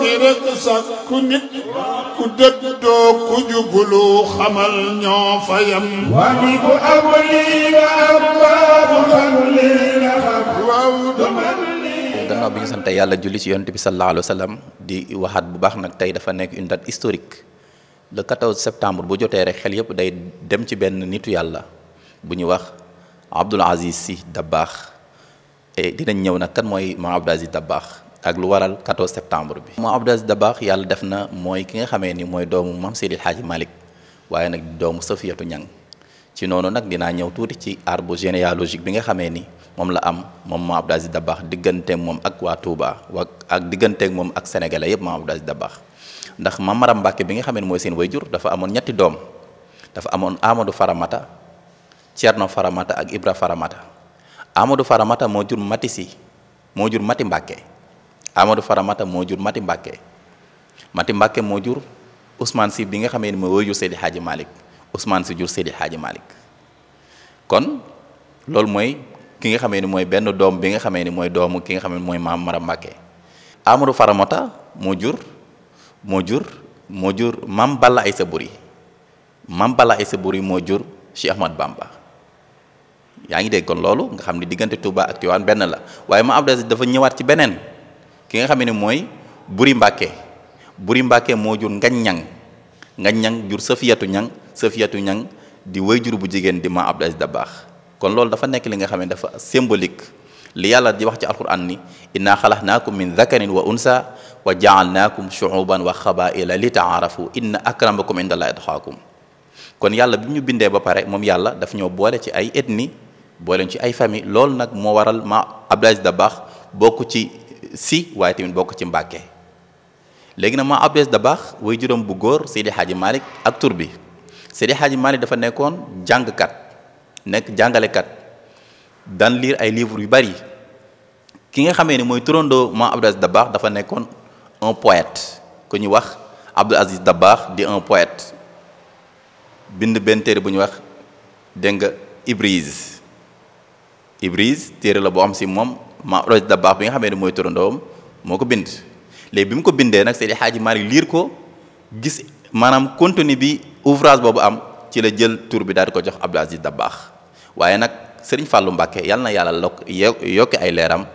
ñi rek sàkku waaw gannaaw bi yàlla julli ci yonent bi sallallahu alayhi wa di waxaat bu baax nag tey dafa nekk une date historique le 14 septembre bu jotee rek xel yëpp day dem ci benn nitu yàlla bu ñu wax Abdoul Aziz Sy Dabakh dinañ ñëw nag kan mooy Maam Abdoul Aziz Dabakh ak lu waral 14 septembre bi mo Abdou Dabakh yalla def na mooy ki nga xamé ni moy doomu mam Seydil Hadji malik waye nak doomu Safiyatu Ñang ci nono nak dina ñew tuti ci arbre généalogique bi nga xamé ni mom la am mom mo Abdou Aziz Dabakh diggante mom ak wa Touba wa ak digganteeg moom ak sénégalais yëpp mo Abdou Dabakh ndax Mame Maram Mbàkke bi nga xamé moy seen wayjur dafa amon ñetti doom dafa amon Amadou Faramata tierno Faramata ak Ibra Faramata Amadou Faramata mo jur matisi, mo jur Mati Mbàkke Amadou Faramata mo jur Mati mbake Mati mbake mo jur Ousmane sib bi nga xamé ni mo wëyu Seydi Hadji Malick Ousmane si jur Seydi haji malik kon lol moy ki nga xamé ni moy ben dom bi nga xamé ni moy dom ki nga xamé ni mooy maam Mara mbake Amadou Faramata mo jur mo jur mo jur mam Balla Aïssa Buri mam Balla Aïssa Buri mo jur Cheikh Ahmad Bamba yaangi ngi kon loolu nga xamni ne Touba ak tiwan ben la waye ma Abdou dafa ñëwaat ci benen ki nga xam ne mooy buri mbàkke buri mbàkke moo jur ngañ ñan ngañ ñan jur safiyatu ñan safiyatu ñang di way jur bu jigéen di ma Abdou Aziz baax kon loolu dafa nekk li nga xam ne dafa symbolique li yàlla di wax ci alquran ni inna xalaxnaakum min dakarin wa unsa wa jaalnaakum shuuban wa xabaila li taarafu inna akramakum indallahi atqaakum kon yàlla bi ñu bindee ba pare moom yàlla daf ñoo boole ci ay ethnie boole ci ay famille loolu nag moo waral ma Abdou Aziz baax bokk ci si waaye tamit bokk ci Mbàkke léegi nag ma Abdou da baax way juróom bu góor Seydi Hadji Malick ak tur bi Seydi Hadji Malick dafa nekkoon jàngkat nekk jàngalekat dan liir ay livres yu bari ki nga xamee ni mooy turandoo maam Abdou Aziz baax dafa nekkoon un poète ku ñu wax Abdou Aziz baax di un poète bind benn téere bu ñu wax dégg nga Ibris Ibris téere la boo am si moom ma de baax bi nga xamee ne mooy turandoom moo ko bind léegi bi mu ko bindee nag Seydi Hadji Malick liir ko gis maanaam contenu bi ouvrage boobu am ci la jël tur bi daal di ko jox Abdou Aziz baax waaye nag Serigne fàllu Mbacké yàlla na yàlla lokk yokki ay leeram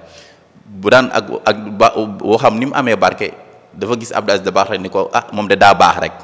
bu daan ak ak ba boo xam ni mu amee barke dafa gis Abdou Aziz baax rek ni ko ah moom de daa baax rek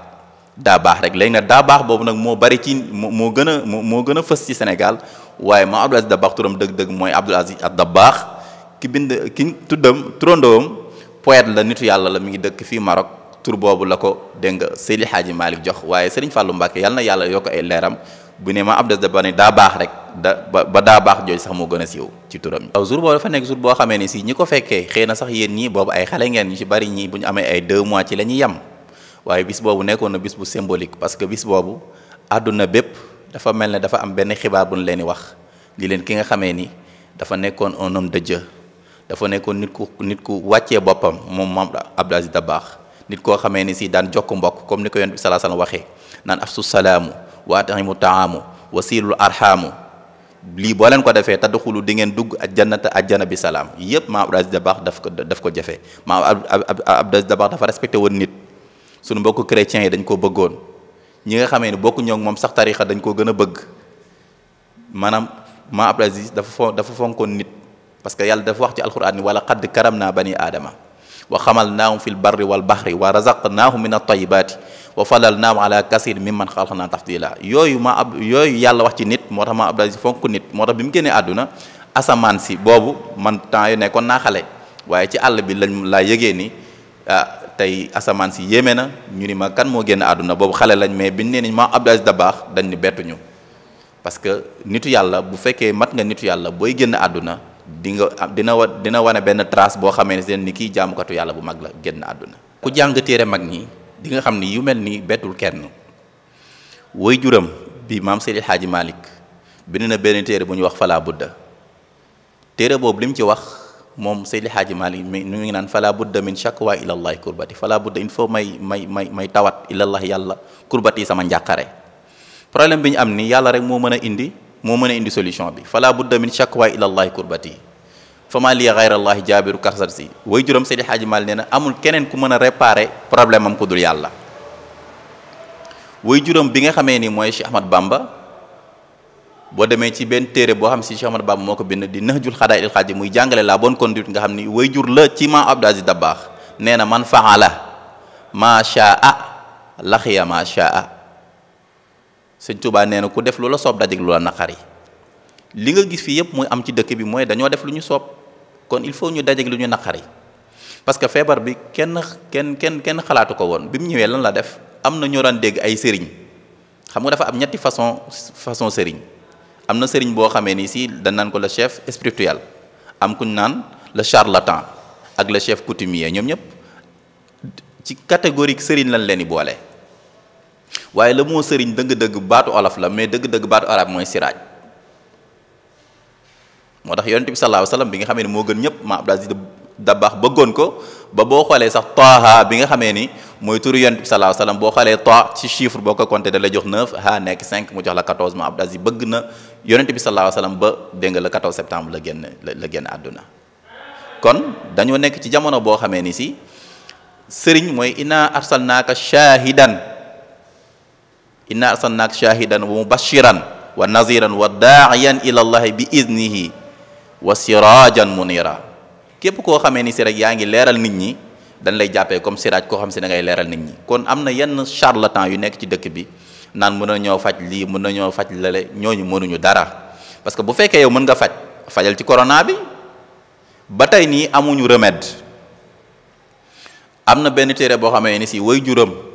daa baax rek léegi nag daa baax boobu nag moo bari ci moo gën a moo gën a fës ci Sénégal waaye maa Abdou Aziz Dabakh turam dëgg-dëgg mooy Abdou Aziz Dabakh ki bind ki tuddam turandoom poète la nitu yàlla la mu ngi dëkk fii Maroc tur boobu la ko dégg nga Seydi Hadji Malick jox waaye Serigne fàllu Mbacke yàlla na yàlla yokk ay leeram bu ne ma ab des ne daa baax rek da ba daa baax jooju sax moo gën a siiw ci turam yi. waaw jour boobu dafa nekk jour boo xamee ne si ñi ko fekkee xëy na sax yéen ñii boobu ay xale ngeen ñu ci bari ñi bu ñu amee ay deux mois ci la ñuy yem waaye bis boobu nekkoon na bis bu symbolique parce que bis boobu àdduna bépp dafa mel ne dafa am benn xibaar bu ñu leen di wax li leen ki nga xamee ni dafa nekkoon un homme de Dieu dafa nekkon nit ku nit ku wacce bopam mom maam Abdou Aziz Dabakh nit ko xamé ni si dan jokk mbokk comme niko yone sallallahu bi salaa sallam nan afsu salamu wa at'imu taamu wasilul arhamu li bo len ko defé tadkhulu di ngeen dugg ajjannata ajjana bi salam yëpp ma Abdou Aziz Dabakh daf ko daf ko jafe ma Abdou Aziz Dabakh dafa respecté won nit sunu mbokku chrétien yi dañ ko bëggoon ñi nga xamé ni bokku ñok mom sax tariika dañ ko gëna bëgg manam ma dafa dafa fonkon nit parce que yàlla dafa wax ci alquran ni wala qad karam naa bani aadama wa xamal naahum fi l barri wal baxri wa razaqnaahum min at-tayyibaati wa falal naahum ala kasir mimman xalaqnaa tafdila yooyu ma ab yooyu yàlla wax ci nit moo tax ma abdal si fonk nit moo tax bi mu génnee àdduna asamaan si boobu man temps yu nekkoon naa xale waaye ci àll bi lañ laa yëgee ni ah tey asamaan si yéeme na ñu ni ma kan moo génn àdduna boobu xale lañ mais biñ nee nañ ma Abdou Aziz baax dañ ni bettuñu parce que nitu yàlla bu fekkee mat nga nitu yàlla booy génn àdduna di nga am dina wa dina wane benn trace boo xamee ne seen ni kii jàmmukatu yàlla bu mag la génn àdduna ku jàng téere mag ñi di nga xam ni yu mel ni bettul kenn woy juram bi maam Seydi Xaaji malik bind na benn téere bu ñuy wax Fala Budda téere boobu li mu ci wax moom Seydi Xaaji Malick mi nu ngi naan Fala Budda min shakwa ilallahi kurbati Fala Budda il faut may may may may tawat ilallah yàlla kurbati sama njàqare problème bi ñu am ni yàlla rek moo mën a indi mo meune indi solution bi fala budda min shakwa ila allah kurbati fama li ghayra allah jabir karsat way juram seydi xaaji mal neena amul kenen ku meuna a réparer problème am ko dul yalla way juram bi nga xamé ni moy cheikh ahmad bamba bo demee ci ben téré bo xam ci cheikh ahmad bamba moko bind di nahjul xadaay il xaaji muy jàngale la bonne conduite nga xam ni way jur la ci ma abdu aziz dabbaax nee man faala ma shaa lakhiya ma shaa Seigne Touba néna ku def lu la la li nga gis fi am ci dëkk bi mooy dañoo def lu ñu kon il faut ñu dajeg lu ñu parce que feebar bi kenn kenn kenn kenn xalaatu ko woon lan la def am na ñoo dégg ay sëriñ xam nga dafa am ñetti façon façon ni si ko le chef spirituel am kuñ naan le charlatan ak le chef coutumier ñoom ci catégorie sëriñ lañ leen waaye le mot sëriñ dëgg-dëgg baatu olof la mais dëgg-dëgg baatu arab mooy siraaj moo tax yonent bi sallallahu alayhi wasallam bi nga xamee ni moo gën ñëpp ma Abdul Aziz Dabakh bëggoon ko ba boo xoolee sax Taaha bi nga xamee ni mooy turu yonent bi sallallahu alayhi wasallam boo xoolee Taa ci chiffre boo ko compté da lay jox 9 ha nekk 5 mu jox la 14 ma Abdul Aziz bëgg na yonent bi sallallahu alayhi wasallam ba dégg nga le 14 septembre la génn la génn àdduna kon dañoo nekk ci jamono boo xamee ni si sëriñ mooy inna arsalnaaka shaahidan inna arsalnaka syahidan wa mubashiran wa naziran wa da'iyan ila Allah bi iznihi wa sirajan munira kep ko xamé ni si yaangi leral nit ñi dañ lay jappé comme ko xam si da ngay leral nit ñi kon amna yenn charlatan yu nekk ci dëkk bi naan mën na ñoo faj lii mën na ñoo faj dara parce que bu fekkee yow mën nga fajj fajal ci corona bi batay ni amuñu remède amna ben téré bo xamé ni si way juram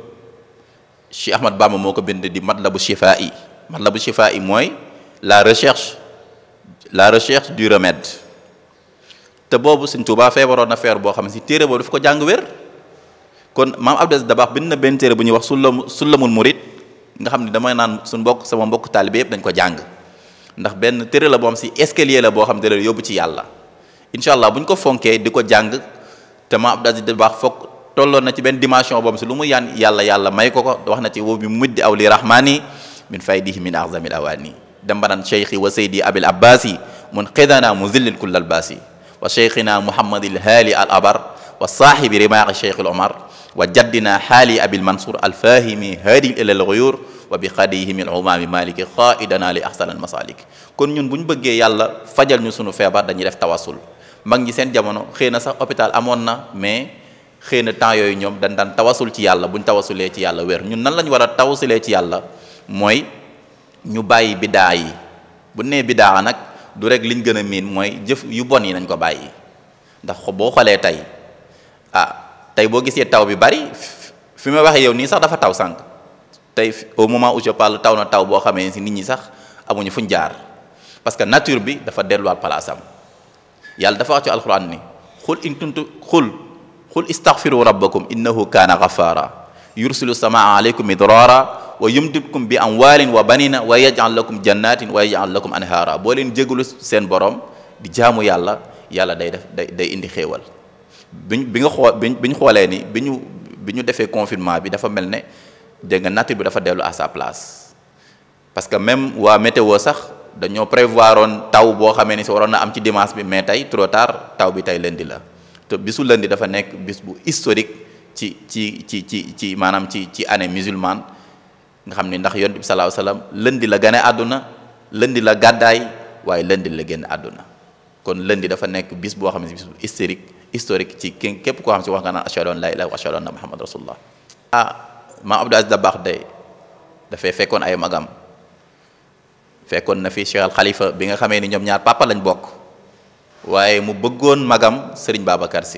Cheikh Ahmad Bamba moo ko bind di matlabu shifaa yi matlabu shifaa yi mooy la recherche la recherche du remède te boobu Sëñ Tuubaa feebaroon na fair boo xam ne si téere boobu daf ko jàng wér kon maam Abdou Aziz Dabakh bind na benn téere bu ñuy wax sulam sulamul murid nga xam ne damay naan su mbokk sama mbokk taalibe yëpp dañ ko jàng ndax benn téere la boo xam si escalier la boo xam te la yóbbu ci yàlla incha allah bu ñu ko fonkee di ko jàng te maam Abdou Aziz tolloon na ci ben dimension bobu ci lu mu yan yàlla yàlla may ko ko wax na ci wo bi muddi awli rahmani min faydihi min azami alawani awaani banan shaykhi wa sayyidi abul abbasi munqidana muzill kull albasi wa shaykhina muhammad alhali alabar wa sahib rimaq shaykh al wa jaddina hali abul mansur alfahimi hadi ila alghuyur wa bi qadihim al umami maliki qaidana li ahsan almasalik kon ñun buñ bëgge yàlla fajal ñu sunu febar dañuy def tawassul mag ñi seen jamono xeyna sax hôpital amon na mais xeyna na temps yooyu ñoom dañ dan tawasul ci yalla buñ tawassulé ci yalla wër ñun nan lañ wara tawassulé ci yalla moy ñu bayyi bidaa yi bu né bidaa nak du rek liñ gëna min moy jëf yu bon yi nañ ko bayyi ndax bo xalé tay ah tay bo gisé taw bi bari fi ma waxee yow ni sax dafa taw sank tay au moment où je parle taw na taw bo xamé ci nit ñi sax amuñu fuñ jaar parce que nature bi dafa place am yalla dafa wax ci alcorane ni khul in kuntu khul قل استغفروا ربكم انه كان غفارا يرسل السماء عليكم مدرارا ويمدكم باموال وبنين ويجعل لكم جنات ويجعل لكم انهارا بولين جيغلو سين بروم دي جامو يالا يالا داي داف داي اندي خيوال بيغا خو بين خولاي ني بينو بينو ديفه كونفيرمان بي دافا ملني ديغا ناتور بي دافا ديلو ا سا بلاص باسكو ميم وا ميتيو ساخ دانيو بريفوارون تاو بو خامي ني سي ورونا ام سي ديماس بي مي تاي ترو تار تاو بي تاي لندي لا te bisu lëndi dafa nekk bis bu historique ci ci ci ci ci maanaam ci ci année musulmane nga xam ni ndax yonent bi salaahu salaam lëndi la gane àdduna lëndi la gàddaay waaye lundi la génn àdduna kon lundi dafa nekk bis boo xam ne bis bu historique historique ci ki képp koo xam si wax nga naan ashhadu an laa ilaaha wa ashhadu anna muhammad rasulullah ah maam Abdou Aziz Dabakh day dafay fekkoon ay magam fekkoon na fi Cheikh Al bi nga xamee ni ñoom ñaar papa lañ bokk waaye mu bëggoon magam sëriñ Babacar si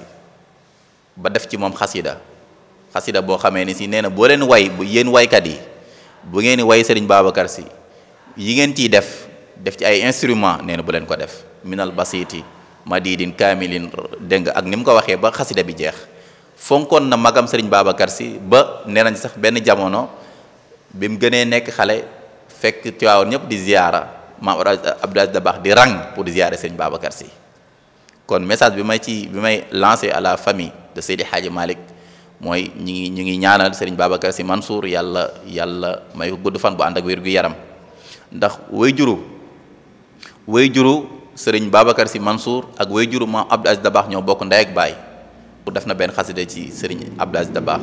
ba def ci moom xasida xasida boo xamee ni si nee na boo leen way bu yéen waykat yi bu ngeen di way sëriñ Babacar yi ngeen ciy def def ci ay instrument nee na bu leen ko def minal basiti madidin kaamilin dégg nga ak ni mu ko waxee ba xasida bi jeex fonkoon na magam sëriñ Babacar si ba nee nañ sax benn jamono bi mu gënee nekk xale fekk Tiwaawan ñëpp di ziyaara maam Abdoulaye Dabakh di rang pour di ziyaare sëriñ Babacar si kon message bi may ci may lancé à la famille de Seydi Hadji Malick mooy ñu ngi ñu ngi ñaanal Serigne Babacar Sy Mansour yàlla yàlla may ko gudd fan bu ànd ak wér gu yaram ndax way juru way juru si Babacar Sy Mansour ak way juru maam Abdou Aziz Dabakh ñoo bokk ndey ak baay bu def na benn xasida ci Serigne Abdou Aziz Dabakh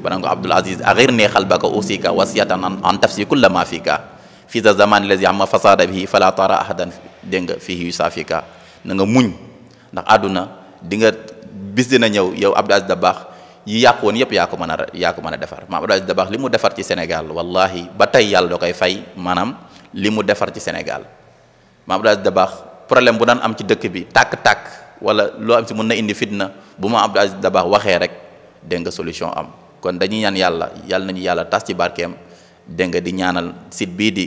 banaan ko Abdul Aziz axir ne xalbaka usika wasiyatan an tafsi kulla ma fika fi za zaman lazi amma fasada bihi fala tara ahadan dégg nga fihi yusafika na nga muñ ndax aduna di nga bis dina ñew yow abdou aziz dabakh yi yakoon yep yépp yaa ko mana a ko defar ma abdou aziz dabakh limu defar ci senegal wallahi batay yalla dokay fay manam limu defar ci senegal ma abdou aziz dabakh problème bu dan am ci dekk bi tak tak, wala lo am ci mun na indi fitna bu ma abdou aziz dabakh waxe rek de nga solution am kon dañuy ñaan yalla, yalla nañu yalla tas ci barkem de nga di ñaanal site bi di